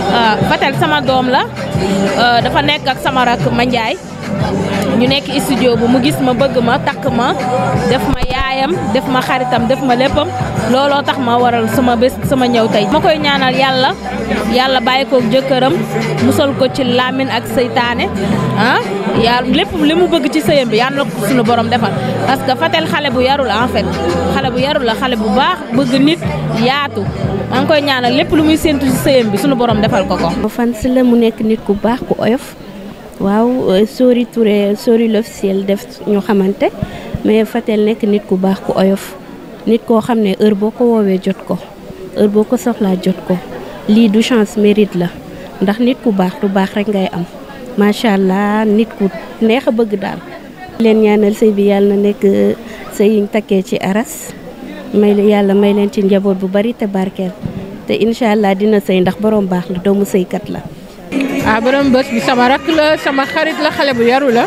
Euh, Fatel sama doom la euh, dafa nekk ak sama rakk ma Ndiaye ñu nekk studio bu mu gis ma bëgg ma takk ma def ma yaayam def ma xaritam def ma léppam looloo tax ma waral sama bés sama ñëw tey ma koy ñaanal yàlla yàlla bàyyi ko jëkkëram musal ko ci làmmin ak seytaane ah yàlla lépp li mu bëgg ci sëyam bi yàlla na ko suñu borom defal parce que Fatel xale bu yarul en fait xale bu yarul la xale bu baax bëgg nit yaatu maa ngi koy ñaanal lépp lu muy séntu ci sëyam bi suñu borom defal ko ko. fan si la mu nekk nit ku baax ku oyof waaw euh, Sori Touré Sori l'officiel def ñu xamante. mais Fatel nekk nit ku baax ku oyof nit koo xam ne heure boo ko woowee jot ko heure boo ko soxlaa jot ko lii du chance mérite la ndax nit ku baax lu baax rek ngay am macha allah nit ku neex a bëgg daal. leen ñaanal sëy bi yàlla na nekk euh, sëy yiñ takkee ci aras may yàlla may leen ci njaboot bu bari te barkeel te incha allah dina sëy ndax borom baax la doomu sëykat la. ah borom bi sama rakk la sama xarit la xale bu yaru la.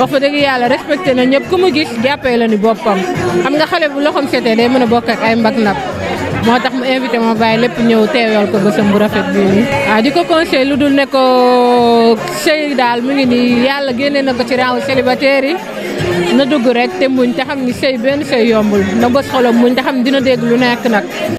wax fa dëgg yàlla respecté na ñëpp ku mu gis jàppee la ni boppam xam nga xale bu loxoom setee day mën a bokk ak ay mbag nap moo tax mu invité ma bàyyi lépp ñëw teewal ko bësam bu rafet bii nii. ah di ko conseil lu dul ne ko sëy daal mu ngi nii yàlla génne na ko ci rang célibataire yi na dugg rek te muñ te xam ni sëy benn sëy yombul na bës xolam muñ te xam dina dégg lu nekk nag.